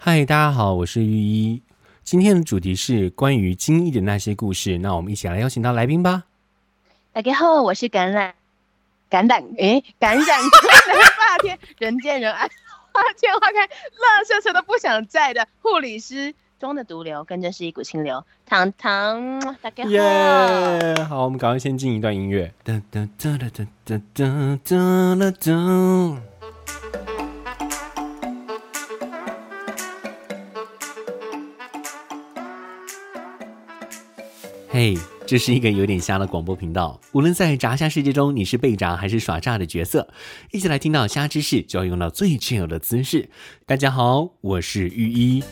嗨，大家好，我是鬱醫。今天的主題是關於驚疫的那些故事，那我們一起來邀請到來賓吧。大家好，我是感染，感染哎，感染力霸天，人見人愛，花見花開，垃圾車都不想載的護理師中的毒瘤，更正是一股清流，唐唐大家好。耶，好，我們趕快先進一段音樂。嘿，hey, 這是一個有點瞎的廣播頻道。無論在炸蝦世界中，你是被炸還是耍炸的角色，一起來聽到蝦芝士，就要用到最正確的姿勢。大家好，我是鬱醫。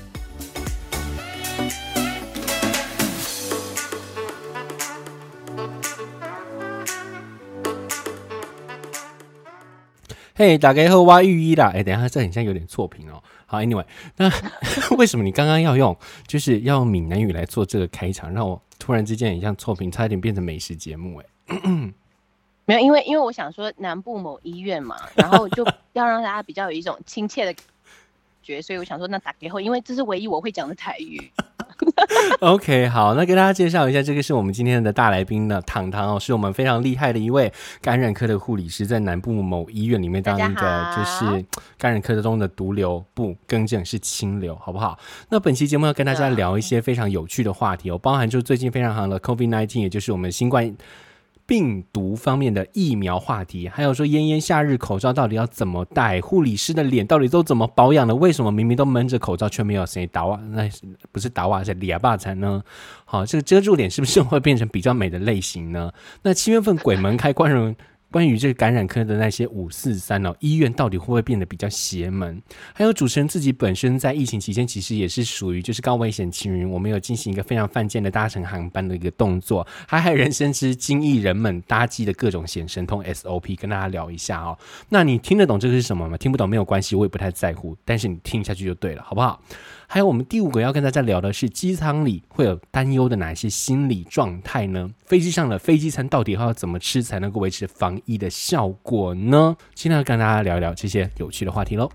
嘿、hey，打開後挖鬱醫啦！哎，等一下，這很像有點錯頻哦。好，Anyway，那為什麼你剛剛要用，就是要用閩南語來做這個開場，讓我？突然之間很像臭評，差一點變成美食節目哎、欸。 沒有，因為因為我想說南部某醫院嘛，然後就要讓大家比較有一種親切的感覺， 所以我想說那打給後，因為這是唯一我會講的台語。 OK，好，那跟大家介紹一下，這個是我們今天的大來賓呢，糖糖哦，是我們非常厲害的一位感染科的護理師，在南部某醫院裡面當的，就是感染科中的毒瘤，不，更正是清流，好不好？那本期節目要跟大家聊一些非常有趣的話題哦，對包含就最近非常夯的 COVID-19，也就是我們新冠，病毒方面的疫苗話題，還有說炎炎夏日口罩到底要怎麼戴？護理師的臉到底都怎麼保養的？為什麼明明都悶著口罩，卻沒有誰打哇？那不是打哇？是李阿霸才呢？好，這個遮住臉是不是會變成比較美的類型呢？那七月份鬼門開，關。 人關於這個感染科的那些五四三哦，醫院到底會不會變得比較邪門？還有主持人自己本身在疫情期間，其實也是屬於就是高危險區域，我們有進行一個非常犯賤的搭乘航班的一個動作，海海人生之驚疫人們搭機的各種顯神通 SOP，跟大家聊一下哦。那你聽得懂這個是什麼嗎？聽不懂沒有關係，我也不太在乎，但是你聽下去就對了，好不好？還有，我們第五個要跟大家聊的是機艙裡會有擔憂的哪些心理狀態呢？飛機上的飛機餐到底要怎麼吃才能夠維持防疫的效果呢？今天要跟大家聊一聊這些有趣的話題嘍。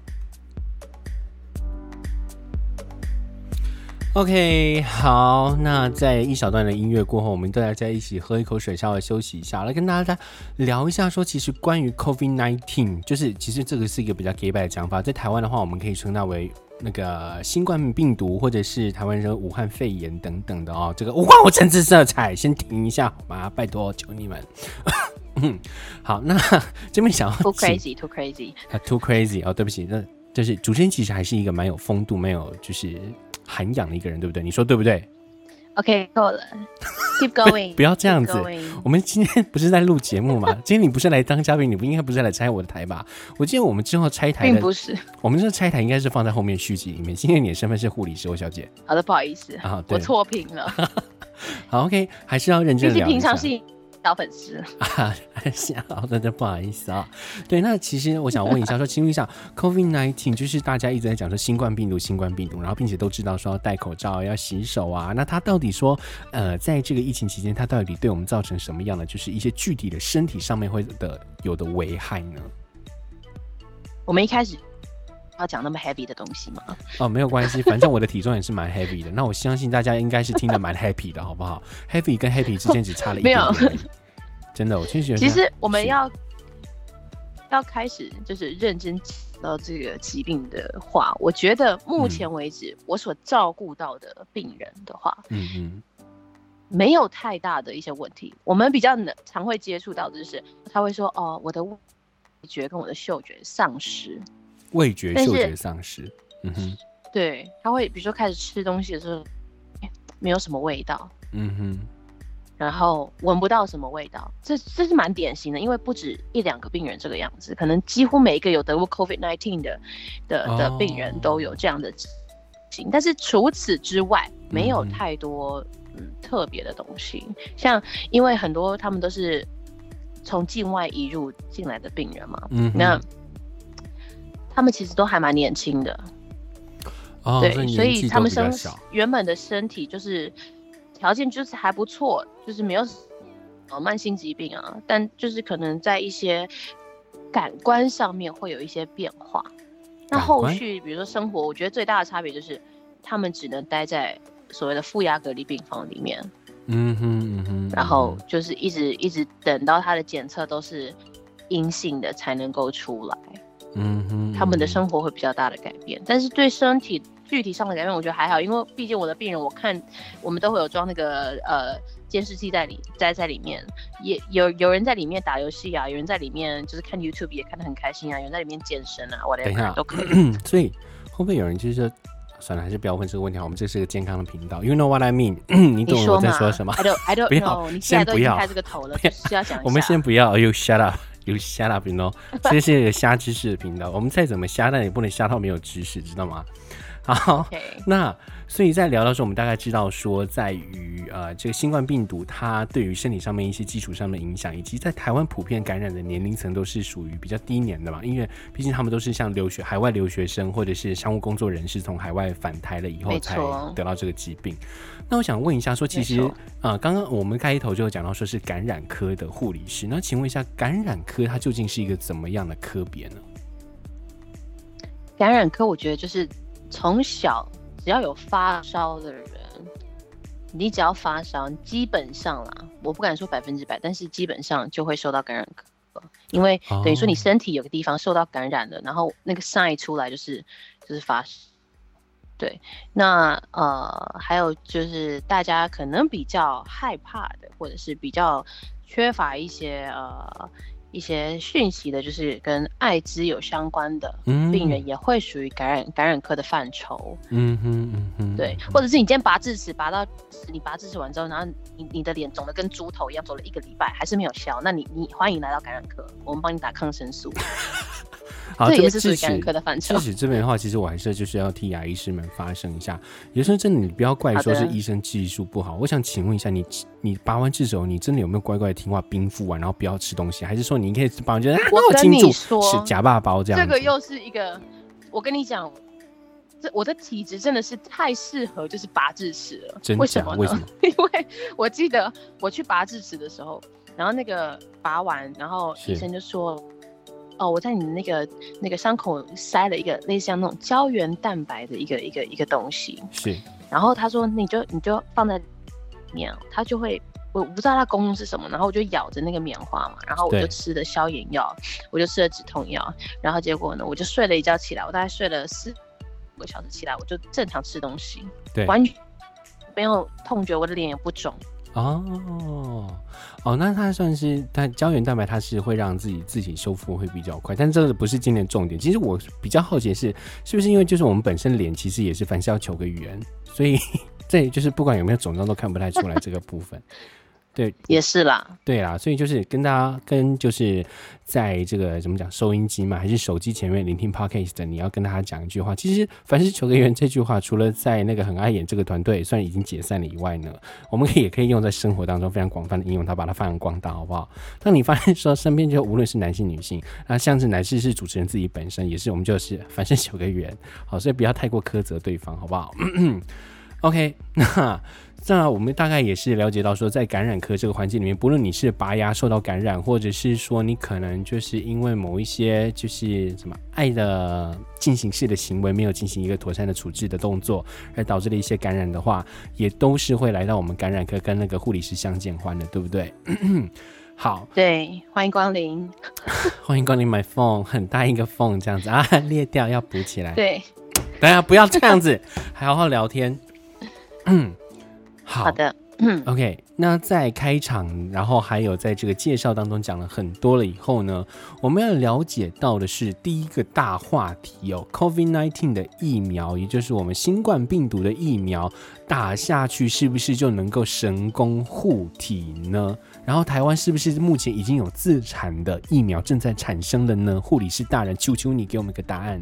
OK，好，那在一小段的音樂過後，我們都大家一起喝一口水，稍微休息一下，來跟大家聊一下說，說其實關於 COVID nineteen，就是其實這個是一個比較 gay 掰的講法，在台灣的話，我們可以稱它為那個新冠病毒，或者是台灣人武漢肺炎等等的哦。這個無關我政治色彩，先停一下好嗎？拜托，求你們。 嗯，好，那這邊想到 too crazy，too crazy，too crazy, too crazy.、啊。Too crazy, 哦，對不起，那就是主持人其實還是一個蠻有風度，沒有就是。涵養的一個人，對不對？你說對不對？OK，夠了，Keep going， 不要這樣子。Keep going. 我們今天不是在錄節目嘛？ 今天你不是來當嘉賓，你不應該不是來拆我的台吧？我記得我們之後拆台並不是，我們這個拆台應該是放在後面續集裡面。今天你的身份是護理師我小姐，好的，不好意思啊，我錯評了。 好，OK，還是要認真平，平常小粉絲啊，行，好的，不好意思啊。對，那其實我想問一下說，說請問一下，COVID-19 就是大家一直在講說新冠病毒、新冠病毒，然後並且都知道說要戴口罩、要洗手啊。那他到底說，呃，在這個疫情期間，他到底對我們造成什麼樣的，就是一些具體的身體上面會的有的危害呢？我們一開始。要講那麼 heavy 的東西嗎？哦，沒有關係，反正我的體重也是蠻 heavy 的。 那我相信大家應該是聽得蠻 happy 的， 好不好？Heavy 跟 happy 之間只差了一點點，哦、沒有。真的，我確實。其實我們要是要開始就是認真講到這個疾病的話，我覺得目前為止我所照顧到的病人的話，嗯嗯，沒有太大的一些問題。我們比較能常會接觸到的就是，他會說：“哦，我的味覺跟我的嗅覺喪失。”味覺、嗅覺喪失，嗯哼嗜，對，他會比如說開始吃東西的時候，沒有什麼味道，嗯哼，然後聞不到什麼味道，這這是蠻典型的，因為不止一兩個病人這個樣子，可能幾乎每一個有得過 COVID nineteen 的的的病人都有這樣的情、哦、但是除此之外沒有太多嗯，哼嗯特別的東西，像因為很多他們都是從境外移入進來的病人嘛，嗯哼，那。他們其實都還蠻年輕的，哦、對，所以，所以他們身原本的身體就是條件就是還不錯，就是沒有呃、哦、慢性疾病啊，但就是可能在一些感官上面會有一些變化。那感官？後續比如說生活，我覺得最大的差別就是他們只能待在所謂的負壓隔離病房裡面，嗯哼，嗯哼、嗯哼，然後就是一直一直等到他的檢測都是陰性的才能夠出來。嗯哼，他們的生活會比較大的改變，嗯哼嗯哼，但是對身體具體上的改變，我覺得還好，因為畢竟我的病人，我看我們都會有裝那個呃監視器在裡，在在裡面，也有有人在裡面打遊戲啊，有人在裡面就是看 YouTube 也看得很開心啊，有人在裡面健身啊，我等一下，都可以咳咳。所以會不會有人就是算了，還是不要問這個問題啊？我們這是個健康的頻道，You know what I mean？咳咳你懂我在說什麼？你說？I don't，I don't know 要。No, 你現在都已經開這個頭了，需要想一下。我們先不要，You shut up。有蝦辣屏哦，這是一個蝦芝士的頻道。我們再怎麼蝦，但也不能蝦到沒有知識，知道嗎？好，Okay. 那所以，在聊到說，我們大概知道說在，在於呃、這個新冠病毒它對於身體上面一些基礎上的影響，以及在台灣普遍感染的年齡層都是屬於比較低年的嘛，因為畢竟他們都是像留學海外留學生或者是商務工作人士從海外返台了以後才得到這個疾病。錯那我想問一下，說其實啊，剛剛錯、呃、我們開頭就有講到說是感染科的護理師，那請問一下，感染科它究竟是一個怎麼樣的科別呢？感染科，我覺得就是。從小，只要有發燒的人，你只要發燒，基本上啦，我不敢說百分之百，但是基本上就會受到感染。因為等於說你身體有個地方受到感染了，oh. 然後那個曬出來就是就是發燒。對，那呃，還有就是大家可能比較害怕的，或者是比較缺乏一些呃。一些訊息的，就是跟艾滋有相關的病人，也會屬於感染、嗯、感染科的範疇、嗯。嗯嗯嗯對，或者是你今天拔智齒，拔到你拔智齒完之後，然後你你的臉腫得跟豬頭一樣，腫了一個禮拜，還是沒有消，那你你歡迎來到感染科，我們幫你打抗生素。 好，這邊是的反差智齒這邊的話，其實我還是就是要替牙醫師們發聲一下。醫生、嗯，也真的你不要怪說是醫生技術不好。好的我想請問一下，你你拔完智齒，你真的有沒有乖乖聽話冰敷完然後不要吃東西？還是說你可以拔完覺得我跟你是假爸包這樣？這個又是一個，我跟你講，這我的體質真的是太適合就是拔智齒了。真假為什麼？為什麼？因為 我記得我去拔智齒的時候，然後那個拔完，然後醫生就說。哦，我在你那個那個傷口塞了一個類似像那種膠原蛋白的一個一個一個東西，是。然後他說你就你就放在棉，他就會，我不知道他功用是什麼。然後我就咬着那個棉花嘛，然後我就吃了消炎藥，對我就吃了止痛藥。然後結果呢，我就睡了一覺起來，我大概睡了四個小時起來，我就正常吃東西，對，完全沒有痛覺，我的臉也不腫。哦，哦，那它算是它膠原蛋白，它是會讓自己自己修復會比較快，但這個不是今天的重點。其實我比較好奇的是，是不是因為就是我們本身臉其實也是凡事要求個圓，所以這 就是不管有沒有腫脹都看不太出來這個部分。 對，也是啦。對啦，所以就是跟大家跟就是在這個怎麼講，收音機嘛，還是手機前面聆聽 Podcast，你要跟大家講一句話。其實“凡事求個緣”這句話，除了在那個很愛演這個團隊算已經解散了以外呢，我們也可以用在生活當中非常廣泛的應用，它把它發揚光大，好不好？當你發現說身邊就無論是男性女性，那、啊、像是男士是主持人自己本身，也是我們就是凡事求個緣，好，所以不要太過苛責對方，好不好？ OK，那那我們大概也是了解到說，在感染科這個環境裡面，不論你是拔牙受到感染，或者是說你可能就是因為某一些就是什麼愛的進行式的行為沒有進行一個妥善的處置的動作，而導致了一些感染的話，也都是會來到我們感染科跟那個護理師相見歡的，對不對？咳咳好，對，歡迎光臨， 歡迎光臨，My phone 很大一個 phone 這樣子啊，裂掉要補起來。對， 大家不要這樣子，還好好聊天。嗯， 好，好的 ，OK 嗯。那在開場，然後還有在這個介紹當中講了很多了以後呢，我們要了解到的是第一個大話題哦，COVID nineteen 的疫苗，也就是我們新冠病毒的疫苗，打下去是不是就能夠神功護體呢？然後台灣是不是目前已經有自產的疫苗正在產生的呢？護理師大人，求求你給我們一個答案。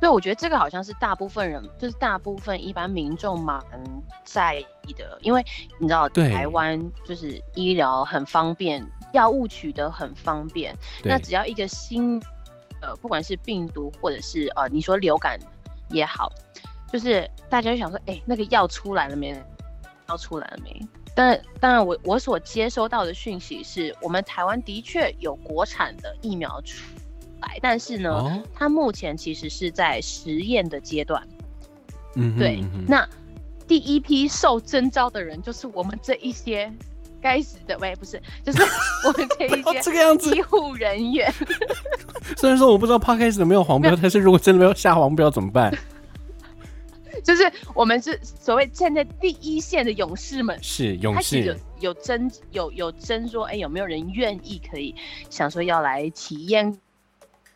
對，我覺得這個好像是大部分人，就是大部分一般民眾蠻在意的，因為你知道對台灣就是醫療很方便，藥物取得很方便。對那只要一個新，呃，不管是病毒或者是呃，你說流感也好，就是大家就想說，哎、欸，那個藥出來了沒？藥出來了沒？但當然我，我我所接收到的訊息是我們台灣的確有國產的疫苗出。但是呢，哦、他目前其實是在實驗的階段。嗯哼，對。嗯、哼那第一批受徵召的人就是我們這一些該死的喂，不是，就是我們這一些醫護人員。 雖然說我不知道 Podcast 有沒有黃標，有但是如果真的沒有下黃標怎麼辦？就是我們是所謂站在第一線的勇士們，是勇士。有有爭有有爭說，哎、欸，有沒有人願意可以想說要來體驗？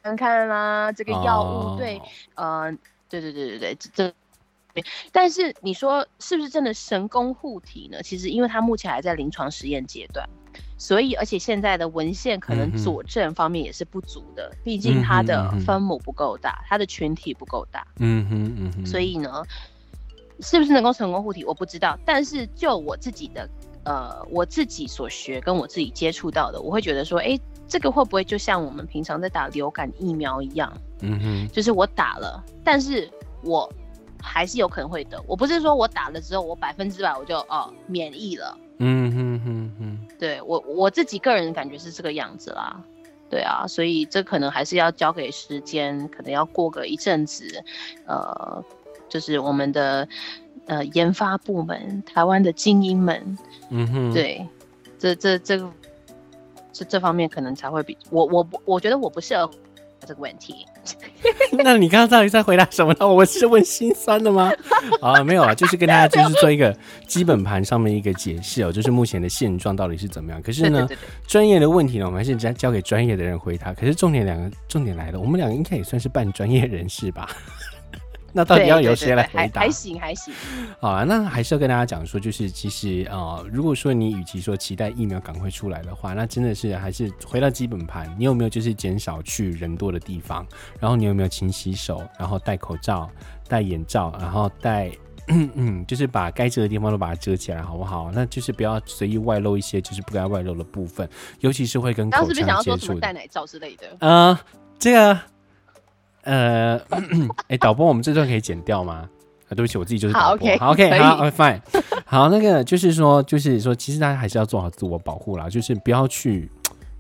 看看啦，啊，這個藥物，oh. 對，呃，對對對對對，這，但是你說是不是真的神功護體呢？其實因為它目前還在臨床實驗階段，所以而且現在的文獻可能佐證方面也是不足的，mm hmm. 畢竟它的分母不夠大，它的群體不夠大。嗯哼嗯哼。所以呢，是不是能夠成功護體，我不知道。但是就我自己的，呃，我自己所學跟我自己接觸到的，我會覺得說，誒。這個會不會就像我們平常在打流感疫苗一樣？嗯哼，就是我打了，但是我還是有可能會得。我不是說我打了之後我百分之百我就哦免疫了。嗯哼哼哼，對我我自己個人感覺是這個樣子啦。對啊，所以這可能還是要交給時間，可能要過個一陣子，呃，就是我們的呃研發部門，台灣的精英們。嗯哼，對，這這這個。是這方面可能才會比我，我，我覺得我不適合這個問題。 那你剛剛到底在回答什麼呢？我是問心酸的嗎？ 啊，沒有啊，就是跟大家就是做一個基本盤上面一個解釋哦、喔， 就是目前的現狀到底是怎麼樣。可是呢，專業的問題呢，我們還是交交給專業的人回答。可是重點兩個，重點來了，我們兩個應該也算是半專業人士吧。那到底要由誰來回答？對對對對，還行還行。好啊，那還是要跟大家講說，就是其實呃，如果說你與其說期待疫苗趕快出來的話，那真的是還是回到基本盤。你有沒有就是減少去人多的地方？然後你有沒有勤洗手？然後戴口罩、戴眼罩，然後戴嗯，就是把該遮的地方都把它遮起來，好不好？那就是不要隨意外露一些就是不該外露的部分，尤其是會跟口罩接觸。剛剛是不是想要說什麼戴奶罩之類的啊、嗯，這個。呃，哎、 欸，導播，我們這段可以剪掉嗎？ 啊、對不起，我自己就是導播。好，OK，好，OK，以好，OK，fine。Okay, fine 好，那個就是說，就是說，其實大家還是要做好自我保護啦，就是不要去，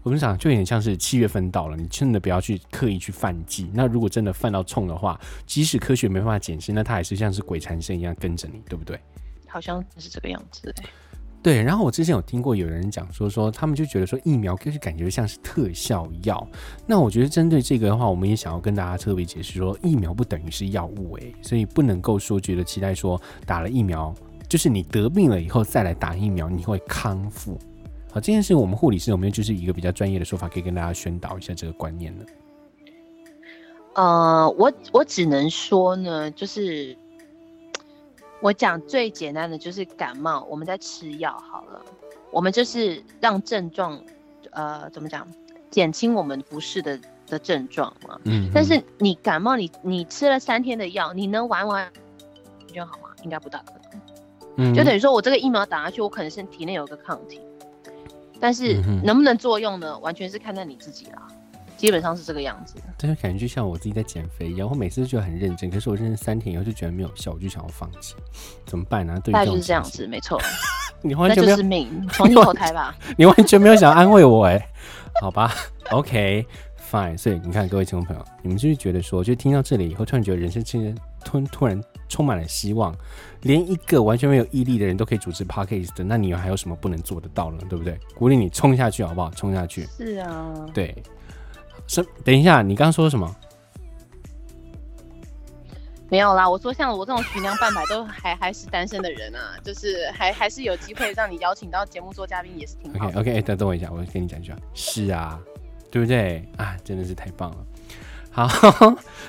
我們想，就有點像是七月份到了，你真的不要去刻意去犯忌。那如果真的犯到衝的話，即使科學沒辦法解釋，那它也是像是鬼纏身一樣跟着你，對不對？好像是這個樣子。對，然後我之前有聽過有人講說說，他們就覺得說疫苗就是感覺像是特效藥。那我覺得針對這個的話，我們也想要跟大家特別解釋說，疫苗不等於是藥物哎、欸，所以不能夠說覺得期待說打了疫苗就是你得病了以後再來打疫苗你會康復。好，這件事我們護理師有沒有就是一個比較專業的說法可以跟大家宣導一下這個觀念呢？呃，我我只能說呢，就是。我講最簡單的就是感冒，我們在吃藥好了，我們就是讓症狀，呃，怎麼講，減輕我們不適的的症狀嘛。嗯、哼但是你感冒你，你你吃了三天的藥，你能完全，完就好嗎？應該不大可能。嗯哼。就等於說我這個疫苗打下去，我可能是體內有個抗體，但是能不能作用呢？完全是看在你自己啦。基本上是這個樣子，但是感覺就像我自己在減肥一樣，然後每次都覺得很認真，可是我認真三天以後就覺得沒有效，我就想要放棄，怎麼辦呢、啊？對，就是這樣子，沒錯。 你完全沒有，那就是命，重新投胎吧。你完全沒有想要安慰我哎、欸， 好吧，OK，Fine。Okay, fine, 所以你看，各位聽眾朋友，你們就是覺得說，就聽到這裡以後，突然覺得人生其實突然突然充滿了希望，連一個完全沒有毅力的人都可以主持 Podcast 的，那你又還有什麼不能做得到呢？對不對？鼓勵你衝下去好不好？衝下去。是啊，對。什，等一下，你剛剛說什麼？沒有啦，我說像我這種徐娘半百都還還是單身的人啊，就是還還是有機會讓你邀請到節目做嘉賓也是挺好的。OK OK，等等我一下，我跟你講一句啊，是啊，對不對啊？真的是太棒了。好，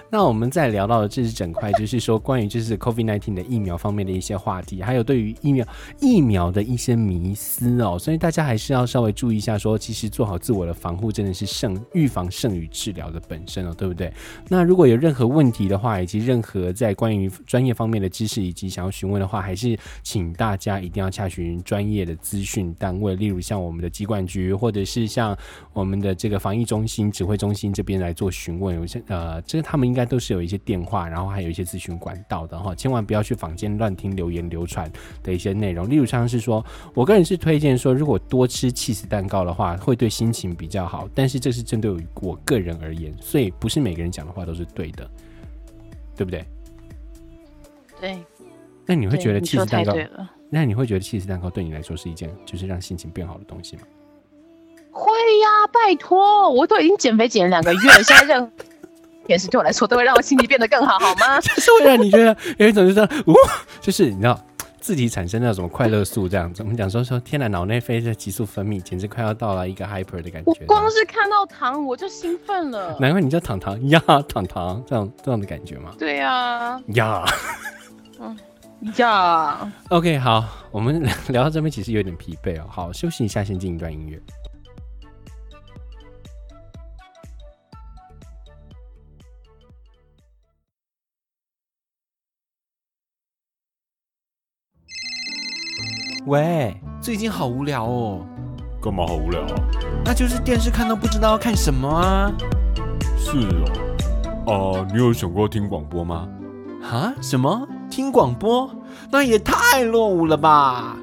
那我們再聊到的這是整塊，就是說關於就是 COVID-19 的疫苗方面的一些話題，還有對於疫苗疫苗的一些迷思哦，所以大家還是要稍微注意一下說，說其實做好自我的防護真的是勝預防勝於治療的本身哦，對不對？那如果有任何問題的話，以及任何在關於專業方面的知識，以及想要詢問的話，還是請大家一定要洽詢專業的資訊單位，例如像我們的疾管局，或者是像我們的這個防疫中心指揮中心這邊來做詢問。呃，這他們應該都是有一些電話，然後還有一些諮詢管道的哈。千萬不要去坊間亂聽流言流傳的一些內容。例如，像是說，我個人是推薦說，如果多吃起司蛋糕的話，會對心情比較好。但是，這是針對於我個人而言，所以不是每個人講的話都是對的，對不對？對。那你會覺得起司蛋糕，對你對了，那你會覺得起司蛋糕對你來說是一件就是讓心情變好的東西嗎？會呀、啊，拜托，我都已經減肥減了兩個月現在 甜食對我來說都會讓我心情變得更好，好嗎？ 就是會讓你覺得有一種就是說，哇、哦，就是你知道自己產生那種快樂素這樣子，我們講說說，天然腦內啡的激素分泌簡直快要到了一個 hyper 的感覺。我光是看到糖我就興奮了，難怪你叫糖糖呀，糖糖這樣這樣的感覺嗎？對、啊、呀，呀， 嗯，呀。OK，好，我們聊到這邊其實有點疲憊哦，好，休息一下，先聽一段音樂。餵，最近好無聊哦。幹嘛好無聊啊？那就是電視看都不知道要看什麼啊。是啊、哦。啊，你有想過聽廣播嗎？啊？什麼？聽廣播？那也太落伍了吧。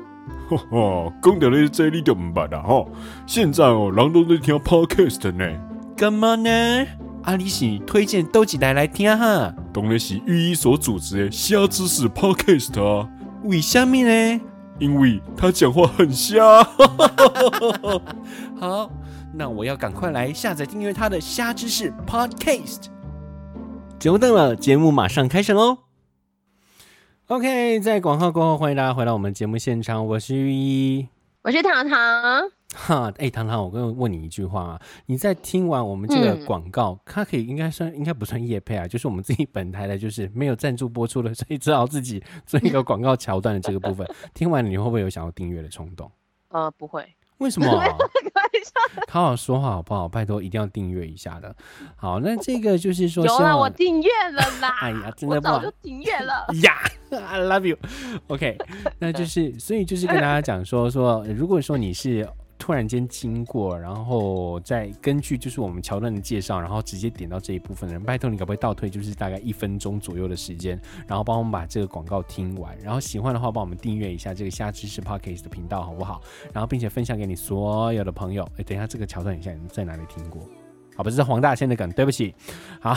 哈哈，剛的咧，這你都唔白啦哈。現在哦，人都在聽 Podcast 呢。幹嘛呢？阿、啊、里是推薦豆子奶奶聽哈、啊？當然是鬱醫所組織的蝦芝士 Podcast 啊。為什麼呢？因為他講話很瞎， 好，那我要趕快來下載訂閱他的《蝦芝士 Podcast》節目。久等了，節目馬上開始嘍、哦。OK，在廣告過後，歡迎大家回到我們節目現場，我是鬱醫，我是糖糖。哈，哎、欸，唐糖，我跟我問你一句話啊，你在聽完我們這個廣告，它可以應該算應該不算業配啊，就是我們自己本台的，就是沒有贊助播出的，所以只好自己做一個廣告橋段的這個部分。 聽完了你會不會有想要訂閱的衝動？呃，不會，為什麼、啊？好好 說話好不好？拜托，一定要訂閱一下的。好，那這個就是說，有啦我訂閱了嘛？ 哎呀，真的不好我早就訂閱了呀 、yeah,！I love you。OK，那就是 所以就是跟大家講說說，說如果說你是。突然間經過，然後再根據就是我們橋段的介紹，然後直接點到這一部分人，拜託你可不可以倒退，就是大概一分鐘左右的時間，然後幫我們把這個廣告聽完，然後喜歡的話幫我們訂閱一下這個蝦芝士 podcast 的頻道好不好？然後並且分享給你所有的朋友。哎、欸，等一下，這個橋段好像在，在哪裡聽過？好，不是黃大仙的梗，對不起。好，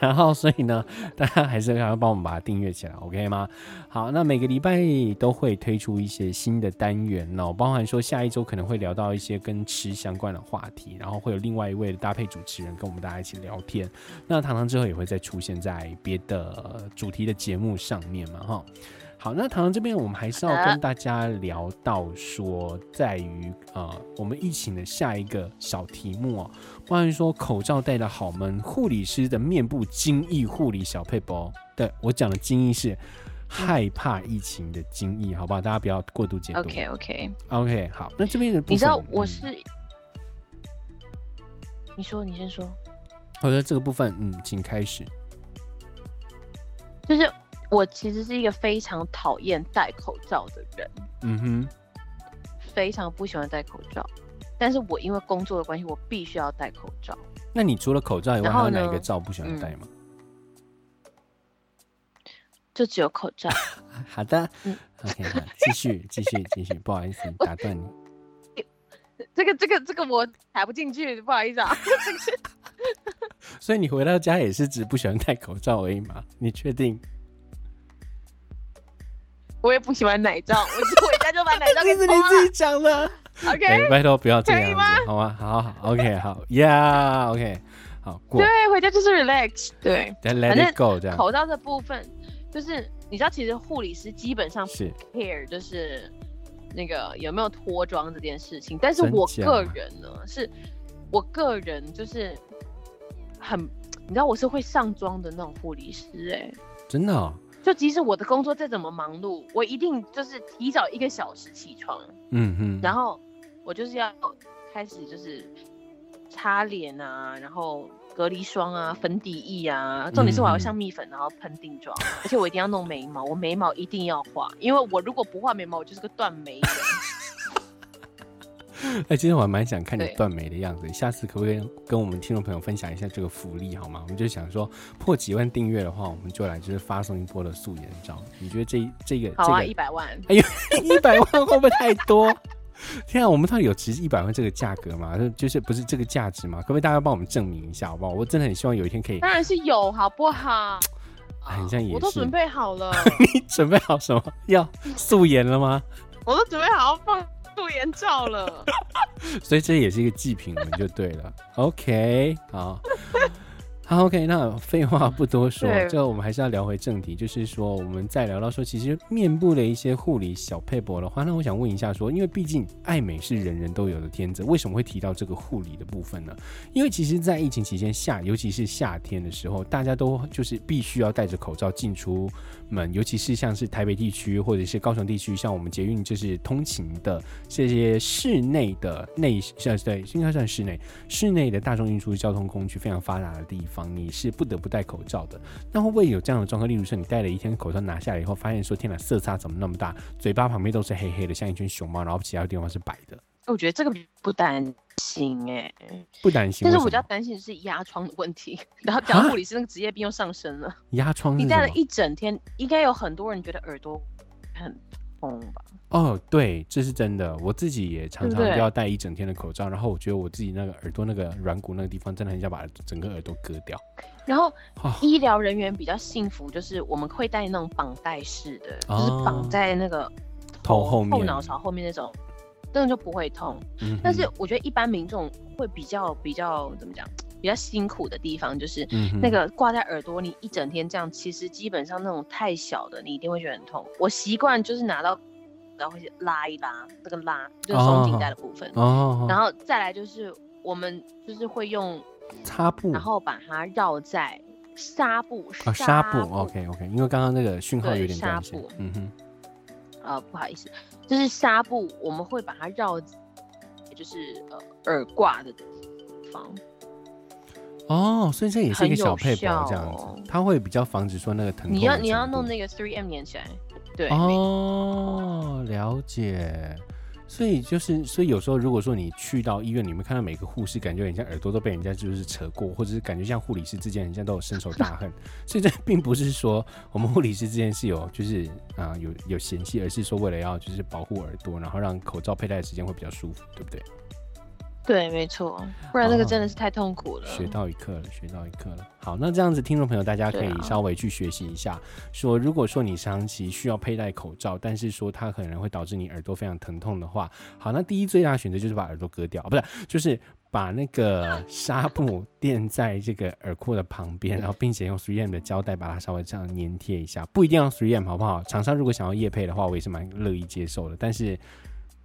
然後所以呢，大家還是要幫我們把它訂閱起來，OK 嗎？好，那每個禮拜都會推出一些新的單元，那我包含說下一周可能會聊到一些跟吃相關的話題，然後會有另外一位的搭配主持人跟我們大家一起聊天。那糖糖之後也會再出現在別的主題的節目上面嘛，哈。好，那糖糖這邊我們還是要跟大家聊到說在，在於呃我們疫情的下一個小題目哦。關於說口罩戴得好悶，護理師的面部驚疫護理小撇步，對，我講的驚疫是害怕疫情的驚疫，好不好？大家不要過度解讀。OK OK OK，好，那這邊的部分，你知道我是，嗯、你說你先說，好的，這個部分，嗯，請開始。就是我其實是一個非常討厭戴口罩的人，嗯哼，非常不喜歡戴口罩。但是我因為工作的關係，我必須要戴口罩。那你除了口罩以外，還有哪一個罩不喜歡戴嗎？嗯，就只有口罩。 好的，OK 繼續繼續繼續，不好意思，打斷你。這個這個這個我抬不進去，不好意思。啊， 所以你回到家也是只不喜歡戴口罩而已嗎？你確定？我也不喜歡奶罩， 我回家就把奶罩給。這 你自己講的。OK，拜託、欸、不要這樣子，嗎好嗎？好，好，好 ，OK，好好，Yeah，OK，、okay，好，過對，回家就是 relax，對，反正口罩的部分，就是你知道，其實護理師基本上不 care，就是那個有沒有脫妝這件事情。是，但是我個人呢，假是我個人就是很，你知道，我是會上妝的那種護理師、欸，哎，真的。就即使我的工作再怎麼忙碌，我一定就是提早一個小時起床，嗯嗯哼，然後我就是要開始就是擦臉啊，然後隔離霜啊、粉底液啊，重點是我還要上蜜粉，然後噴定妝。嗯、哼而且我一定要弄眉毛，我眉毛一定要畫，因為我如果不畫眉毛，我就是個斷眉人。 哎，今天、欸、我還蠻想看你斷眉的樣子，對下次可不可以跟我們聽眾朋友分享一下這個福利好嗎？我們就想說破幾萬訂閱的話，我們就來就是發送一波的素顏照。你覺得這這個好啊？這個、一百萬？哎呦，一百萬會不會太多？ 天啊，我們到底有值一百萬這個價格嗎？就是不是這個價值嗎？各位大家幫我們證明一下好不好？我真的很希望有一天可以，當然是有好不好？很像、啊啊、也是，我都準備好了。 你準備好什麼？要素顏了嗎？我都準備好好放。素顏照了， 所以這也是一個祭品，我們就對了。OK，好，好，OK。那廢話不多說，最後我們還是要聊回正題，就是說我們再聊到說，其實面部的一些護理小撇步的話，那我想問一下說，因為畢竟愛美是人人都有的天職，為什麼會提到這個護理的部分呢？因為其實，在疫情期間夏，尤其是夏天的時候，大家都就是必須要戴着口罩進出。們，尤其是像是台北地區或者是高雄地區，像我們捷運就是通勤的這些室內的內，像是對，應該算室內，室內的大眾運輸交通工具非常發達的地方，你是不得不戴口罩的。那會不會有這樣的狀況？例如說，你戴了一天口罩，拿下來以後，發現說，天哪，色差怎麼那麼大？嘴巴旁邊都是黑黑的，像一群熊貓，然後其他地方是白的。我覺得這個不擔心哎、欸，不擔心。但是我比較擔心的是壓瘡的問題，蛤然後調護理師那個職業病又上升了。壓瘡，你戴了一整天，應該有很多人覺得耳朵很痛吧？哦，oh, 對，這是真的。我自己也常常都要戴一整天的口罩，對然後我覺得我自己那個耳朵那個軟骨那個地方真的很想把整個耳朵割掉。然後、oh. 醫療人員比較幸福，就是我們會戴那種綁帶式的，oh. 就是綁在那個頭，頭後面、後腦勺後面那種。根本就不會痛，嗯、哼但是我覺得一般民眾會比較比較怎麼講，比較辛苦的地方就是那個掛在耳朵，你一整天這樣，其實基本上那種太小的，你一定會覺得很痛。我習慣就是拿到，然後去拉一拉這個拉，就是鬆緊帶的部分哦好，然後再來就是我們就是會用擦布，然後把它繞在紗布上，紗、哦、布，OK OK，因為剛剛那個訊號有點斷，對布嗯哼。呃，不好意思，就是紗布，我們會把它繞，就是呃耳掛的地方。哦，所以這也是一個小配方，這樣子，哦、它會比較防止說那個疼痛。你要你要弄那個 3M 粘起來，對。哦，沒了解。所以就是，所以有時候如果說你去到醫院，你有看到每個護士感覺人家耳朵都被人家就是扯過，或者是感覺像護理師之間人家都有深仇大恨？所以這並不是說我們護理師之間是有就是啊、呃、有有嫌棄，而是說為了要就是保護耳朵，然後讓口罩佩戴的時間會比較舒服，對不對？對，沒錯，不然那個真的是太痛苦了、哦。學到一課了，學到一課了。好，那這樣子，聽眾朋友，大家可以稍微去學習一下。啊、說，如果說你長期需要佩戴口罩，但是說它可能會導致你耳朵非常疼痛的話，好，那第一最大選擇就是把耳朵割掉，哦、不是，就是把那個紗布墊在這個耳廓的旁邊，然後並且用 three M 的膠帶把它稍微這樣粘貼一下，不一定要 three M，好不好？廠商如果想要業配的話，我也是蠻樂意接受的，但是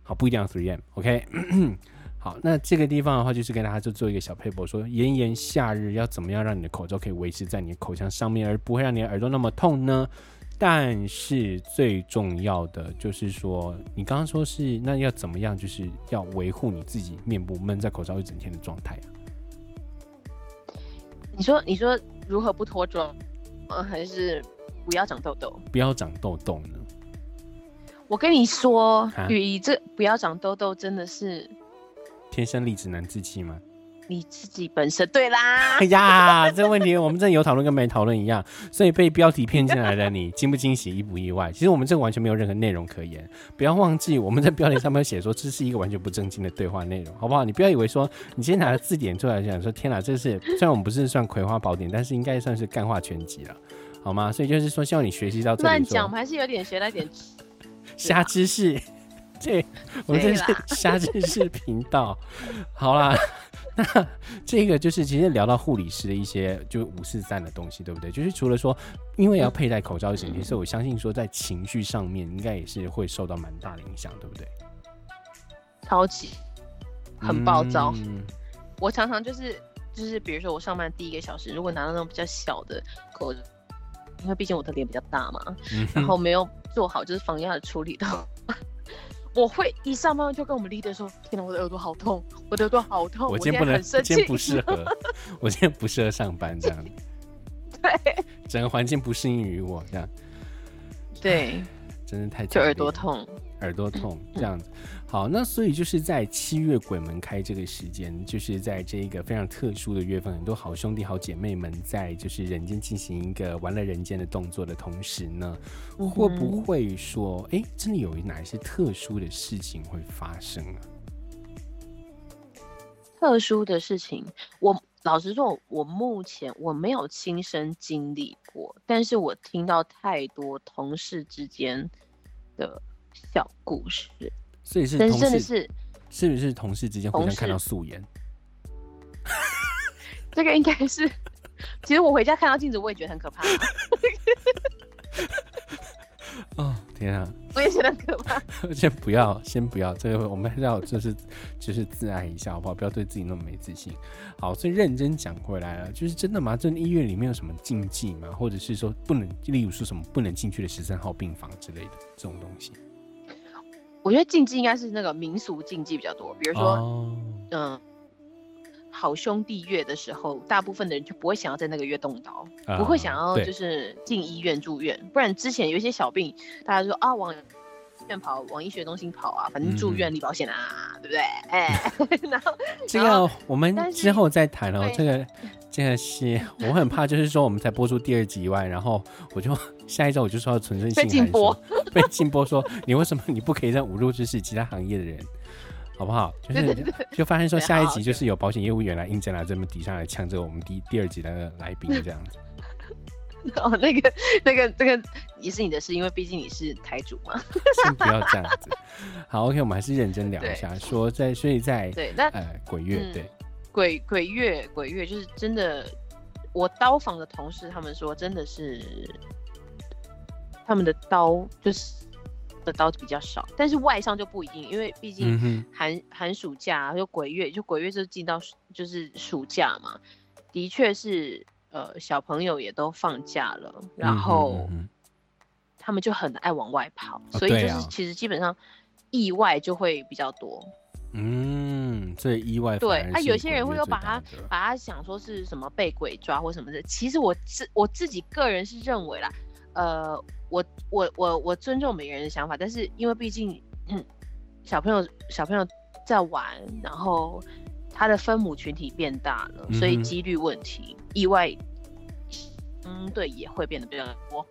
好，不一定要 three M，OK、OK？好，那這個地方的話，就是跟大家就做一個小科普，說炎炎夏日要怎麼樣讓你的口罩可以維持在你的口腔上面，而不會讓你的耳朵那麼痛呢？但是最重要的就是說，你剛剛說是那要怎麼樣，就是要維護你自己面部悶在口罩一整天的狀態、啊、你說，你說如何不脫妝？呃、嗯、還是不要長痘痘？不要長痘痘呢？我跟你說，啊、鬱醫這不要長痘痘真的是。天生麗質難自棄嗎？你自己本身對啦。哎呀，這個問題我們這有討論跟沒討論一樣，所以被標題騙進來的你驚不驚喜意不意外？其實我們這完全沒有任何內容可言。不要忘記我們在標題上面寫說，這是一個完全不正經的對話內容，好不好？你不要以為說你今天拿了字典出來講說，天哪，這是雖然我們不是算葵花寶典，但是應該算是幹話全集了，好嗎？所以就是說希望你學習到亂講我還是有點學了點瞎知識。這我這是蝦芝士頻道。 好啦，那這個就是其實聊到護理師的一些就五四三的東西，對不對？就是除了說，因為要佩戴口罩的事情，嗯、我相信說在情緒上面應該也是會受到蠻大的影響，對不對？超級很暴躁，嗯、我常常就是就是比如說我上班第一個小時，如果拿到那種比較小的口罩，因為畢竟我的臉比較大嘛，嗯、哼然後沒有做好就是防壓的處理到我會一上班就跟我們 leader 說：“天吶，我的耳朵好痛，我的耳朵好痛。”我今天不能，今天不適合， 我今天不適合上班這樣。 對，整個環境不適應於我這樣。對，真的太就耳朵痛。耳朵痛這樣子，好，那所以就是在七月鬼門開這個時間，就是在這一個非常特殊的月份，很多好兄弟好姐妹們在就是人間進行一個玩樂人間的動作的同時呢，會不會說，哎、欸，真的有哪一些特殊的事情會發生啊？特殊的事情，我老實說，我目前我沒有親身經歷過，但是我聽到太多同事之間的。小故事，所以是同事？真的是，是不是同事之間互,事互相看到素顏？ 這個應該是，其實我回家看到鏡子我、啊， 哦啊、我也覺得很可怕。哦天啊！我也覺得很可怕。先不要，先不要，這個我們要就是就是自愛一下好不好？不要對自己那麼沒自信。好，所以認真講回來了，就是真的嗎？這個、醫院裡面有什麼禁忌嗎？或者是說不能，例如說什麼不能進去的十三號病房之類的這種東西？我覺得禁忌應該是那個民俗禁忌比較多，比如說，啊、嗯，好兄弟月的時候，大部分的人就不會想要在那個月動刀，啊、不會想要就是進醫院住院，對不然之前有一些小病，大家說啊，往。跑往醫學中心跑啊，反正住院理保險啊，嗯、對不對？哎， 然後這個我們之後再談哦。是這個對 這個是，我很怕，就是說我們才播出第二集以外，然後我就下一周我就說要存證信函被禁播，被禁播說你為什麼你不可以讓侮辱知識其他行業的人，好不好？就是就發現說下一集就是有保險業務員來應徵了，這麼底下來搶着我們第第二集的來賓這樣子。 哦， 那個、那個、那個也是你的事，因為畢竟你是台主嘛。 先不要這樣子。好，OK，我們還是認真聊一下，對說在，所以在對那呃鬼月、嗯、對鬼鬼月鬼月就是真的，我刀房的同事他們說真的是他們的刀就是的刀比較少，但是外傷就不一定，因為畢竟寒、嗯、哼寒暑假、啊、就、鬼就鬼月就鬼月就進到就是暑假嘛，的確是。呃，小朋友也都放假了，然後他們就很愛往外跑，嗯嗯嗯哦啊、所以就是其實基本上意外就會比較多。嗯，這意外對，啊，有些人會有把他把他想說是什麼被鬼抓或什麼的。其實我自我自己個人是認為啦，呃，我我我我尊重每個人的想法，但是因為畢竟、嗯、小朋友小朋友在玩，然後，他的分母群體變大了，所以幾率問題、嗯、哼意外，嗯，對，也會變得比較多，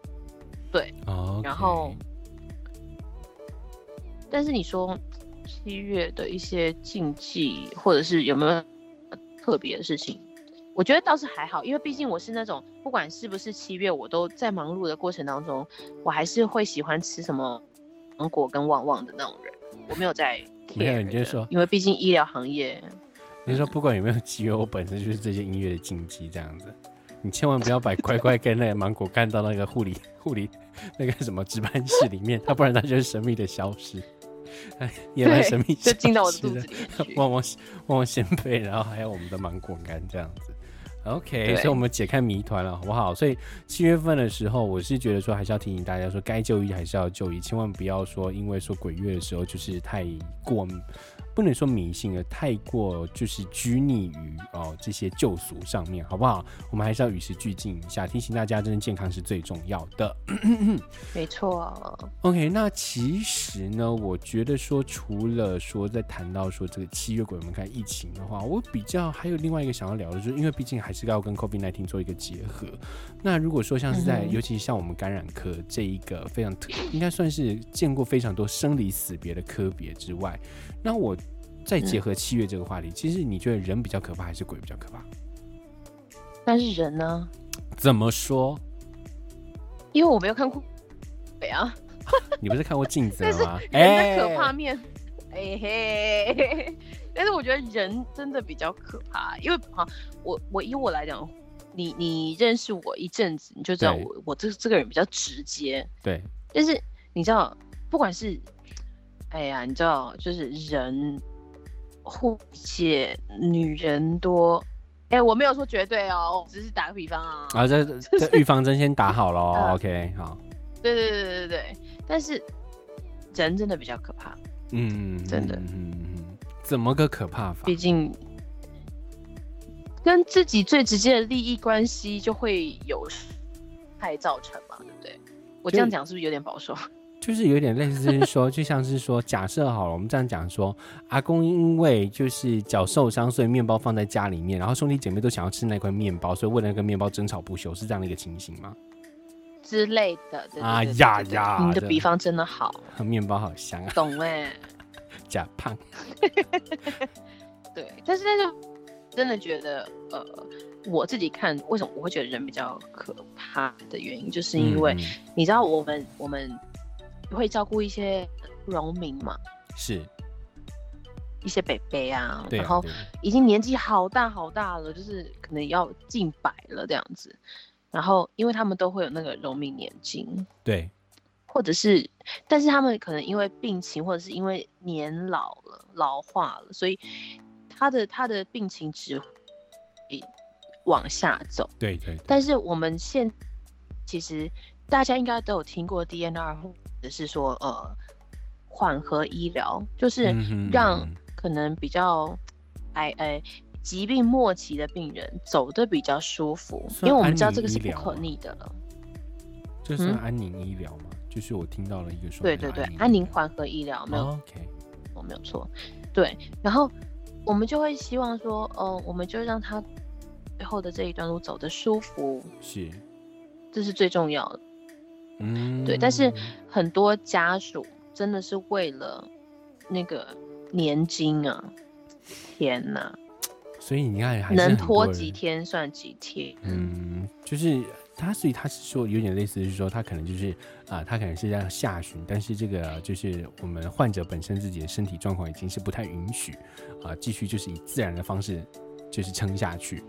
對。Oh, okay. 然後，但是你說七月的一些禁忌，或者是有沒有特別的事情？我覺得倒是還好，因為畢竟我是那種不管是不是七月，我都在忙碌的過程當中，我還是會喜歡吃什麼芒果跟旺旺的那種人。我沒有在聽。沒有 Yeah,，你接因為畢竟醫療行業。你說，不管有沒有機會，我本身就是這些音樂的禁忌這樣子。你千萬不要把乖乖跟那個芒果乾到那個護理護 理那個什麼值班室裡面，他不然他就是神秘的消失。哎，也蠻對神秘消失的。就進到我的肚子去。旺旺仙貝，然後還有我們的芒果乾這樣子。OK，對所以我們解開謎團了，好不好？所以七月份的時候，我是覺得說還是要提醒大家說，該就醫還是要就醫，千萬不要說因為說鬼月的時候就是太過。不能說迷信，而太過就是拘泥於哦這些舊俗上面，好不好？我們還是要與時俱進一下，提醒大家，真的健康是最重要的。 沒錯錯。OK，那其實呢，我覺得說，除了說在談到說這個七月鬼門開疫情的話，我比較還有另外一個想要聊的，就是因為畢竟還是要跟 COVID-19 做一個結合。那如果說像是在，嗯、尤其像我們感染科這一個非常應該算是見過非常多生離死別的科別之外，那我。再結合七月這個話題，嗯、其實你覺得人比較可怕，還是鬼比較可怕？但是人呢？怎麼說？因為我沒有看過鬼啊。 你不是看過鏡子嗎？人的可怕面，哎、欸欸、嘿，嘿，但是我覺得人真的比較可怕，因為好，我我以我來講，你你認識我一陣子，你就知道我對我這這個人比較直接。對。但是你知道，不管是哎呀，你知道，就是人。而且女人多，哎、欸，我沒有說絕對哦、喔，只是打個比方啊、喔。啊，這這預防針先打好咯。 啊、o、OK，好。對對對對對，但是人真的比較可怕，嗯，真的，嗯，嗯，怎麼個可怕法？畢竟跟自己最直接的利益關係就會有害造成嘛，對不對？我這樣講是不是有點保守？就是有點類似就是說，就像是說， 假設好了，我們這樣講說，阿公因為就是腳受傷，所以麵包放在家裡面，然後兄弟姐妹都想要吃那塊麵包，所以為了那個麵包爭吵不休，是這樣的一個情形嗎？之類的。對對對對對啊呀呀！你的比方真的好。麵包好香啊。懂哎、欸。 假胖。 對，但是那是真的覺得，呃，我自己看為什麼我會覺得人比較可怕的原因，就是因為你知道我們我們。嗯會照顧一些農民嘛？是，一些北北啊，對啊，然後已經年紀好大好大了，就是可能要近百了這樣子。然後，因為他們都會有那個農民年金，對，或者是，但是他們可能因為病情或者是因為年老了、老化了，所以他的他的病情只會往下走。對,對對。但是我們現在其實大家應該都有聽過 DNR。只是說，呃，緩和醫療就是讓可能比較，哎哎，疾病末期的病人走的比較舒服，因為我們知道這個是不可逆的了。這是安寧醫療嗎？嗯、就是我聽到了一個說法，對對對，安寧緩和醫療沒有，我 Okay.、哦、沒有錯，對。然後我們就會希望說，呃，我們就讓他最後的這一段路走的舒服，是，這是最重要的。嗯，對，但是很多家屬真的是為了那個年金啊，天吶，所以你看，還是能拖幾天算幾天。嗯，就是他，所以他是說有點類似，是說他可能就是啊，他可能是在下旬，但是這個就是我們患者本身自己的身體狀況已經是不太允許啊，繼續就是以自然的方式就是撐下去。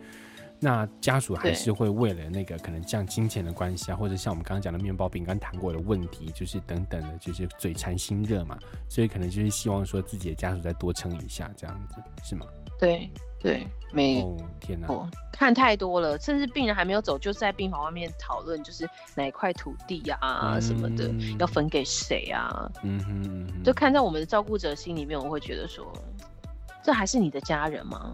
那家屬還是會為了那個可能像金錢的關係啊，對或者像我們剛剛講的麵包、餅乾、糖果的問題，就是等等的，就是嘴饞心熱嘛，所以可能就是希望說自己的家屬再多撐一下，這樣子是嗎？對對，沒，有、oh, 啊。天吶，看太多了，甚至病人還沒有走，就是、在病房外面討論，就是哪一塊土地啊、嗯、什麼的要分給誰啊？嗯哼，嗯哼，就看在我們的照顧者心裡面，我會覺得說，這還是你的家人嗎？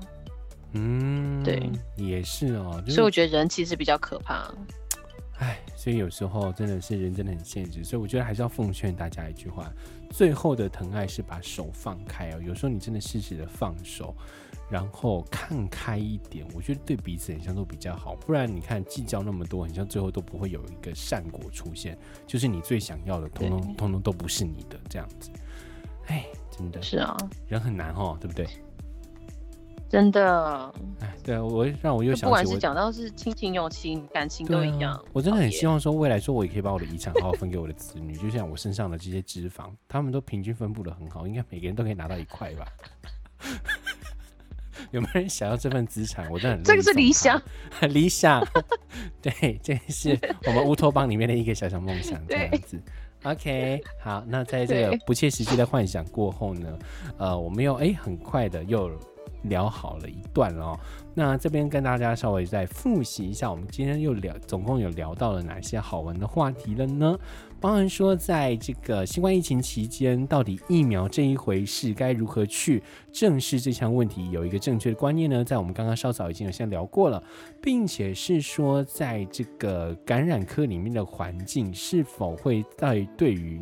嗯，對，也是哦。所以我覺得人其實比較可怕。哎，所以有時候真的是人真的很現實。所以我覺得還是要奉勸大家一句話：最後的疼愛是把手放開哦。有時候你真的適時的放手，然後看開一點，我覺得對彼此好像都比較好。不然你看計較那麼多，好像最後都不會有一個善果出現，就是你最想要的，通通對通通都不是你的這樣子。哎，真的是啊，人很難哦，對不對？真的，哎，對，我讓我又想我，不管是講到是親情友情感情都一樣、啊。我真的很希望說，未來說我也可以把我的遺產好好分給我的子女， 就像我身上的這些脂肪，他們都平均分布得很好，應該每個人都可以拿到一塊吧？ 有沒有人想要這份資產？ 我真的很，這個是理想， 很理想。 對，這是我們烏托邦裡面的一個小小夢想，對這樣子。OK，好，那在這個不切實際的幻想過後呢，對呃，我們又哎很快的又。聊好了一段哦，那這邊跟大家稍微再複習一下，我們今天又聊，總共有聊到了哪些好玩的話題了呢？包含說，在這個新冠疫情期間，到底疫苗這一回事該如何去正視這項問題，有一個正確的觀念呢？在我們剛剛稍早已經有先聊過了，並且是說，在這個感染科裡面的環境是否會，在對於。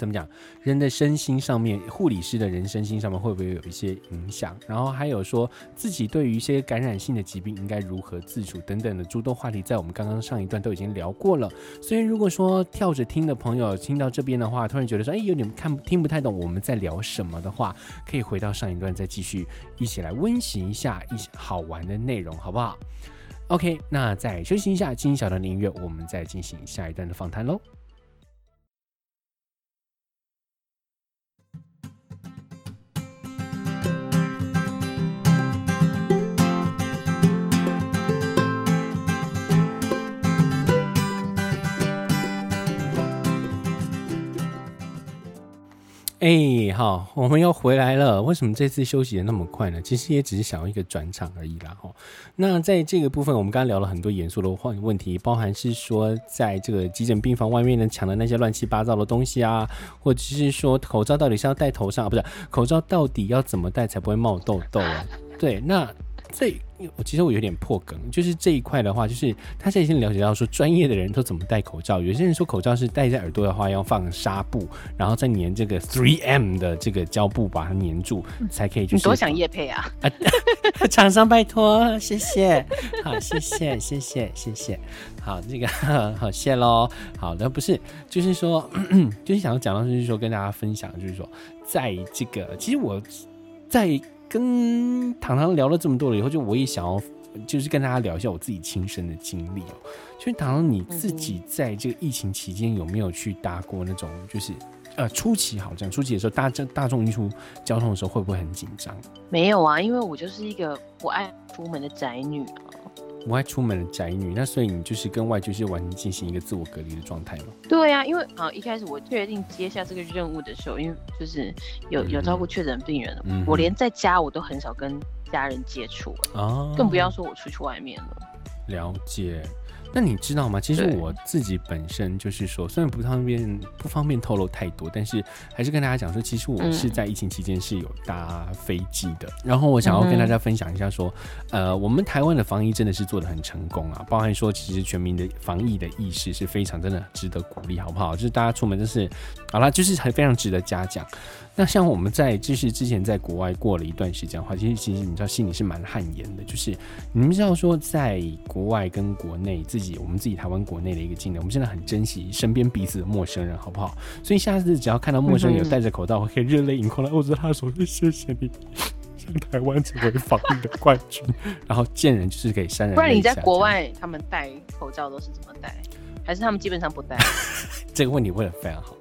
怎麼講，人的身心上面，護理師的人身心上面會不會有一些影響？然後還有說自己對於一些感染性的疾病應該如何自處等等的諸多話題，在我們剛剛上一段都已經聊過了。所以如果說跳着聽的朋友聽到這邊的話，突然覺得說哎有點看聽不太懂我們在聊什麼的話，可以回到上一段再繼續一起來溫習一下一些好玩的內容，好不好？OK，那再休息一下，聽小段的音樂，我們再進行下一段的訪談嘍。哎、欸，好，我們又回來了。為什麼這次休息得那麼快呢？其實也只是想要一個轉場而已啦，哈、喔。那在這個部分，我們剛剛聊了很多嚴肅的問問題，包含是說，在這個急診病房外面呢，搶的那些亂七八糟的東西啊，或者是說口罩到底是要戴頭上啊？不是，口罩到底要怎麼戴才不會冒痘痘啊，對，那。這我其實我有點破梗，就是這一塊的話，就是他現在已經了解到說，專業的人都怎麼戴口罩。有些人說口罩是戴在耳朵的話，要放紗布，然後再粘這個 three M 的這個膠布把它粘住，才可以。就是多想業配啊啊、啊！廠商拜託，謝謝，好，謝謝，謝謝，謝謝，好，這個好謝嘍。好的，好好不是，就是說，咳咳就是想要講到就是說，跟大家分享就是說，在這個其實我在。跟糖糖聊了這麼多了以後，就我也想要，就是跟大家聊一下我自己親身的經歷哦。就糖糖你自己在這個疫情期間有沒有去搭過那種，就是呃初期好像初期的時候大眾大眾運輸交通的時候會不會很緊張？沒有啊，因為我就是一個不愛出門的宅女啊。不愛出門的宅女，那所以你就是跟外就是完全進行一個自我隔離的狀態嗎？對呀、啊，因為啊一開始我確定接下這個任務的時候，因為就是有、嗯、有照顧確診病人，嗯、哼我連在家我都很少跟家人接觸、啊，哦、更不要說我出去外面了。了解。那你知道嗎？其實我自己本身就是說，對雖然不方便，不方便透露太多，但是還是跟大家講說，其實我是在疫情期間是有搭飛機的。然後我想要跟大家分享一下說，嗯、哼呃，我們台灣的防疫真的是做得很成功啊，包含說其實全民的防疫的意識是非常真的值得鼓勵，好不好？就是大家出門就是好啦，就是還非常值得嘉獎。那像我們在就是之前在國外過了一段時間的話，其實其實你知道心裡是蠻汗顏的。就是你們知道說，在國外跟國內自己，我們自己台灣國內的一個境內，我們現在很珍惜身邊彼此的陌生人，好不好？所以下次只要看到陌生人有戴着口罩，嗯、哼我可以熱淚盈眶來的握住他的手說：“謝謝你，讓台灣成為防疫的冠軍。” 然後見人就是給山人。不然你在國外，他們戴口罩都是怎麼戴？還是他們基本上不戴？ 這個問題問得非常好。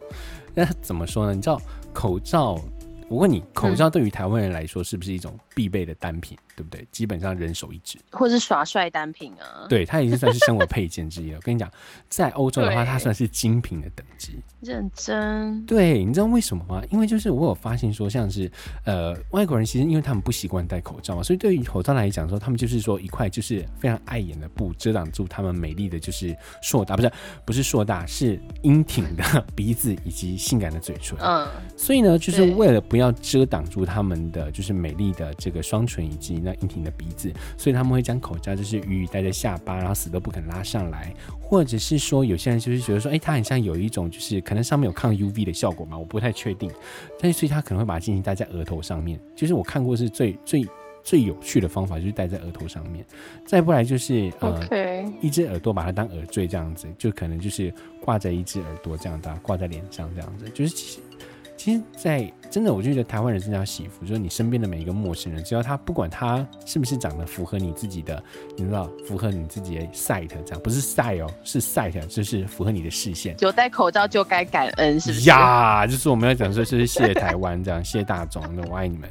那怎麼說呢？你知道？口罩，我問你，口罩對於台灣人來說是不是一種？嗯必備的單品，對不對？基本上人手一隻，或者是耍帥單品啊。對，它已經算是生活配件之一了。 我跟你講，在歐洲的話，對它算是精品的等級。認真，對，你知道為什麼嗎？因為就是我有發現說，像是呃外國人，其實因為他們不習慣戴口罩嘛，所以對於口罩來講說，他們就是說一塊就是非常礙眼的布，遮擋住他們美麗的就是碩大，不是不是碩大，是硬挺的鼻子以及性感的嘴唇。嗯，所以呢，就是為了不要遮擋住他們的就是美麗的這個。這個雙唇以及那硬挺的鼻子，所以他們會將口罩就是予以戴在下巴，然後死都不肯拉上來，或者是說有些人就是覺得說，哎，它很像有一種就是可能上面有抗 UV 的效果嘛，我不太確定，但是所以他可能會把它進行戴在額頭上面，就是我看過是最最最有趣的方法，就是戴在額頭上面，再不來就是呃 Okay. 一只耳朵把它當耳墜這樣子，就可能就是掛在一只耳朵這樣子、啊，掛在臉上這樣子，就是。其實在，在真的，我就覺得台灣人真的要幸福，就是你身邊的每一個陌生人，只要他不管他是不是長得符合你自己的，你知道，符合你自己的 sight，這樣不是 sight 哦、喔，是 sight，就是符合你的視線。有戴口罩就該感恩，是不是？呀，yeah, 就是我們要講說，就是謝，謝台灣這樣， 謝，謝大眾，那我愛你們。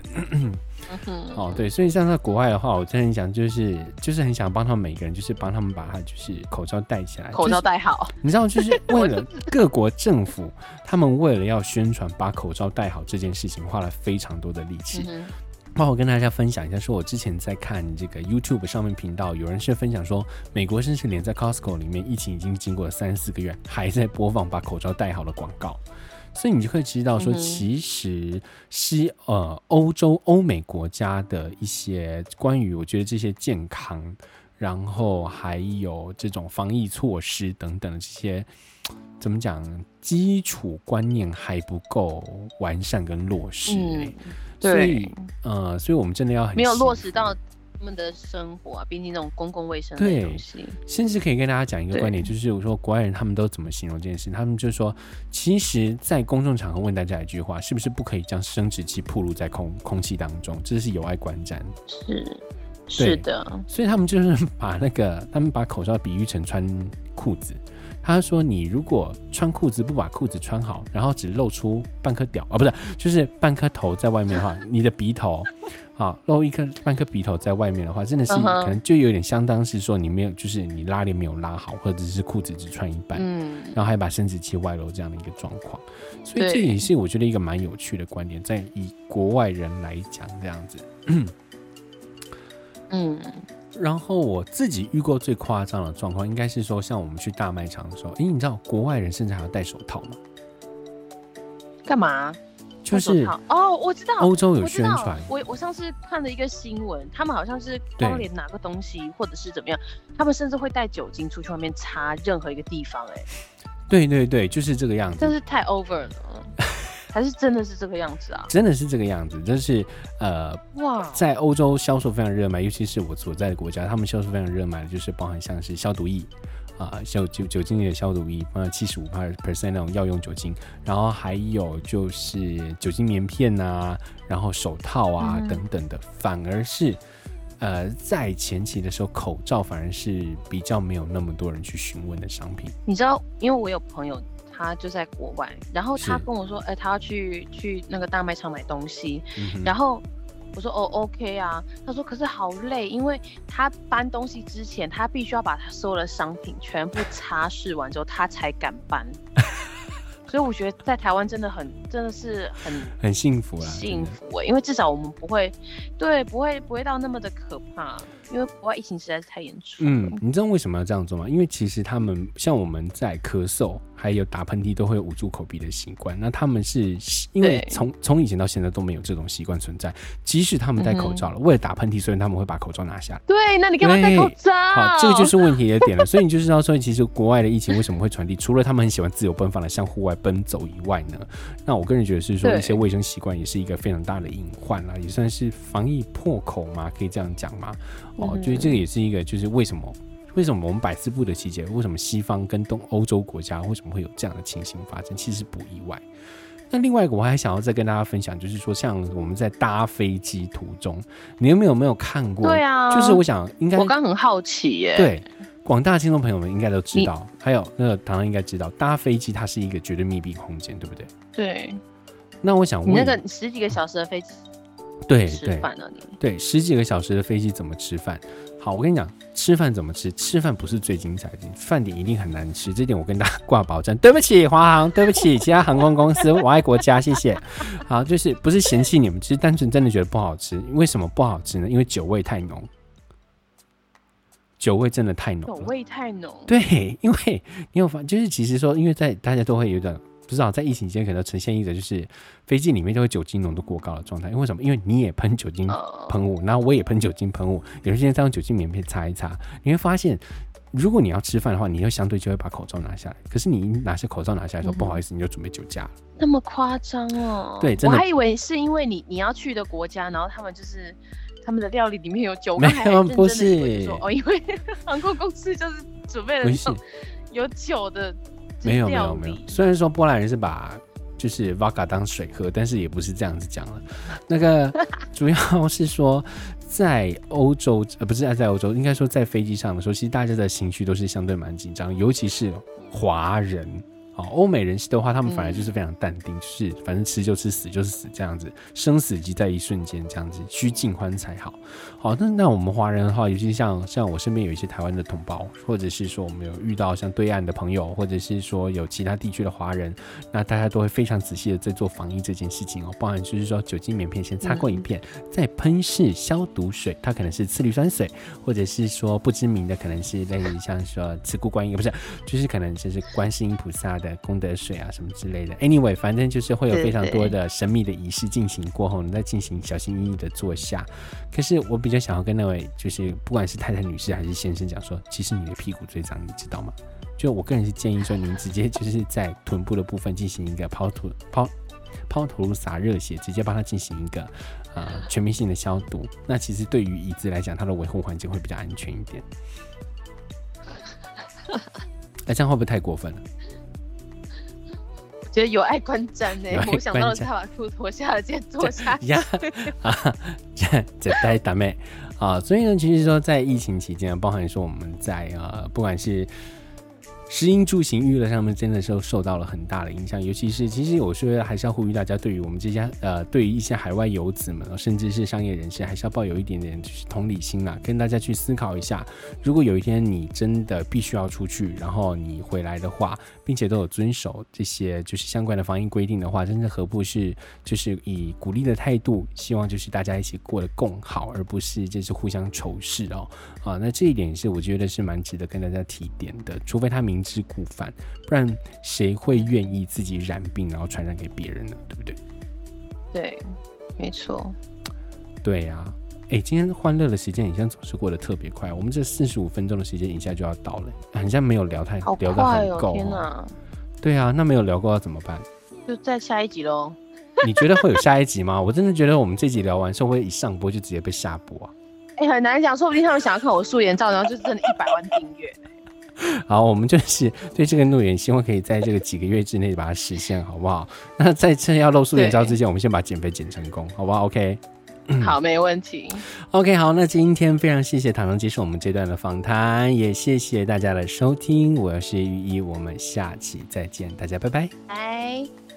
嗯、哦，對，所以像在國外的話，我真的很想就是就是很想幫他們每個人，就是幫他們把他就是口罩戴起來，口罩戴好、 就是。你知道，就是為了各國政府， 他們為了要宣傳把口罩戴好這件事情，花了非常多的力氣。幫、嗯、哼我跟大家分享一下，說我之前在看這個 YouTube 上面頻道，有人是分享說，美國甚至連在 Costco 裡面，疫情已經經過了三四個月，還在播放把口罩戴好的廣告。所以你就可以知道，說其實是呃歐洲歐美國家的一些關於我覺得這些健康，然後還有這種防疫措施等等這些，怎麼講基礎觀念還不夠完善跟落實、欸。所以呃，所以我們真的要很沒有落實到。他們的生活啊，畢竟那種公共衛生的東西，對，甚至可以跟大家講一個觀點，對就是我說國外人他們都怎麼形容這件事？他們就說，其實，在公眾場合問大家一句話，是不是不可以將生殖器暴露在空空氣當中？這是有礙觀瞻。是，對是的。所以他們就是把那個，他們把口罩比喻成穿褲子。他說，你如果穿褲子不把褲子穿好，然後只露出半顆屌啊，不是，就是半顆頭在外面的話， 你的鼻頭。好露一顆半顆鼻頭在外面的話，真的是可能就有點相當是說你沒有，就是你拉鏈沒有拉好，或者是褲子只穿一半，嗯、然後還把生殖器外露這樣的一個狀況。所以這也是我覺得一個蠻有趣的觀點，在對以國外人來講這樣子。 嗯，然後我自己遇過最誇張的狀況，應該是說像我們去大賣場的時候，因為你知道國外人甚至還要戴手套嗎？幹嘛？就是哦，我知道歐洲有宣傳。我我上次看了一個新聞，他們好像是剛連拿個東西對或者是怎麼樣，他們甚至會帶酒精出去外面擦任何一個地方、欸。哎，對對對，就是這個樣子。但是太 over 了， 還是真的是這個樣子啊？真的是這個樣子，就是呃，哇，在歐洲銷售非常熱賣，尤其是我所在的國家，他們銷售非常熱賣的就是包含像是消毒液。啊，消酒酒精的消毒液，放七十五塊 percent 那種藥用酒精，然後還有就是酒精棉片吶、啊，然後手套啊、嗯、等等的，反而是，呃，在前期的時候，口罩反而是比較沒有那麼多人去詢問的商品。你知道，因為我有朋友，他就在國外，然後他跟我說，哎是、呃，他要去去那個大賣場買東西，嗯、哼然後。我說哦，OK 啊。他說可是好累，因為他搬東西之前，他必須要把他所有的商品，全部擦拭完之後，他才敢搬。 所以我覺得在台灣真的很，真的是很很幸福啊，幸福誒，嗯，因為至少我們不會，對，不會不會到那麼的可怕。因為國外疫情實在是太嚴重。嗯，你知道為什麼要這樣做嗎？因為其實他們像我們在咳嗽還有打噴嚏都會捂住口鼻的習慣，那他們是因為從從對以前到現在都沒有這種習慣存在。即使他們戴口罩了，嗯、哼為了打噴嚏，所以他們會把口罩拿下來。對，那你幹嘛戴口罩？好，這個就是問題的點了。所以你就是要說，其實國外的疫情為什麼會傳遞？ 除了他們很喜歡自由奔放的向戶外奔走以外呢，那我個人覺得是說一些衛生習慣也是一個非常大的隱患啦，對也算是防疫破口嘛，可以這樣講嗎？哦，就是這個也是一個，就是為什麼，嗯、為什麼我們百思不的季節，為什麼西方跟東歐洲國家，為什麼會有這樣的情形發生，其實不意外。那另外一個，我還想要再跟大家分享，就是說，像我們在搭飛機途中，你有沒有沒有看過？對啊，就是我想應該我剛很好奇耶。對，廣大聽眾朋友們應該都知道，你還有那個唐唐應該知道，搭飛機它是一個絕對密閉空間，對不對？對。那我想問我，那個十幾個小時的飛機？對對對，十幾個小時的飛機怎麼吃飯？好，我跟你講，吃飯怎麼吃？吃飯不是最精彩的，飯點一定很難吃，這點我跟大家掛保證。對不起，華航，對不起其他航空公司， 我愛國家，謝謝。好，就是不是嫌棄你們，其實單純真的覺得不好吃。為什麼不好吃呢？因為酒味太濃，酒味真的太濃，酒味太濃。對，因為因為你有發，就是其實說，因為在大家都會有點。不知道在疫情期間可能呈現一個就是飛機裡面就會酒精濃度過高的狀態，因為什麼？因為你也噴酒精噴霧，然後我也噴酒精噴霧，有些人再用酒精棉片擦一擦，你會發現，如果你要吃飯的話，你會相對就會把口罩拿下來。可是你一拿下口罩拿下來的時候、嗯、不好意思，你就準備酒駕了。那麼誇張哦？對，真的我還以為是因為你你要去的國家，然後他們就是他們的料理裡面有酒，沒有不是？哦，因為航空公司就是準備了那種是有酒的。沒有沒有沒有，雖然說波蘭人是把就是 vodka 當水喝，但是也不是這樣子講了。那個主要是說，在歐洲呃不是啊，在歐洲應該說，在飛機上的時候，其實大家的情緒都是相對蠻緊張，尤其是華人。哦，歐美人士的話，他們反而就是非常淡定，嗯、就是反正吃就吃，死就是死這樣子，生死即在一瞬間這樣子，須盡歡才好。好，那那我們華人的話，尤其像像我身邊有一些台灣的同胞，或者是說我們有遇到像對岸的朋友，或者是說有其他地區的華人，那大家都會非常仔細的在做防疫這件事情哦、喔，包含就是說酒精棉片先擦過一遍，嗯、再噴式消毒水，它可能是次氯酸水，或者是說不知名的可能是類似像說慈孤觀音，不是，就是可能就是觀世音菩薩的功德水啊，什麼之類的。Anyway，反正就是會有非常多的神秘的儀式進行過後，你再進行小心翼翼的坐下。可是我比較想要跟那位，就是不管是太太女士還是先生，講說，其實你的屁股最髒，你知道嗎？就我個人是建議說，您直接就是在臀部的部分進行一個拋頭、拋拋頭顱灑熱血，直接幫他進行一個、呃、全面性的消毒。那其實對於椅子來講，它的維護環境會比較安全一點。那這樣會不會太過分了？覺得有礙觀瞻呢、欸，我想到他把褲脫下，先坐下。啊，這這大妹，啊，所以呢，其實說在疫情期間包含說我們在啊、呃，不管是。食衣住行娛樂上面，真的是受到了很大的影響。尤其是，其實有時候還是要呼籲大家，對於我們這些呃，對於一些海外遊子們，甚至是商業人士，還是要抱有一點點就是同理心啦、啊，跟大家去思考一下：如果有一天你真的必須要出去，然後你回來的話，並且都有遵守這些就是相關的防疫規定的話，真的何不是就是以鼓勵的態度，希望就是大家一起過得更好，而不是就是互相仇視哦。啊，那這一點是我覺得是蠻值得跟大家提點的，除非他明明知故犯，不然誰會願意自己染病，然後傳染給別人呢？對不對？對，沒錯。對呀、啊，哎，今天歡樂的時間好像總是過得特別快。我們這四十五分鐘的時間，一下就要到了，好像沒有聊太好、哦、聊的很夠、哦。天吶哪，對啊，那沒有聊夠要怎麼辦？就再下一集嘍。 你覺得會有下一集嗎？我真的覺得我們這集聊完，會不會一上播就直接被下播啊？哎，很難講，說不定他們想要看我素顏照，然後就真的一百萬訂閱。好，我們就是對這個諾言，希望可以在這個幾個月之內把它實現，好不好？那在這要露素顏照之前，對我們先把減肥減成功，好不好？OK。好，沒問題。OK，好，那今天非常謝謝唐唐接受我們這段的訪談，也謝謝大家的收聽。我是鬱醫，我們下期再見，大家拜拜。拜。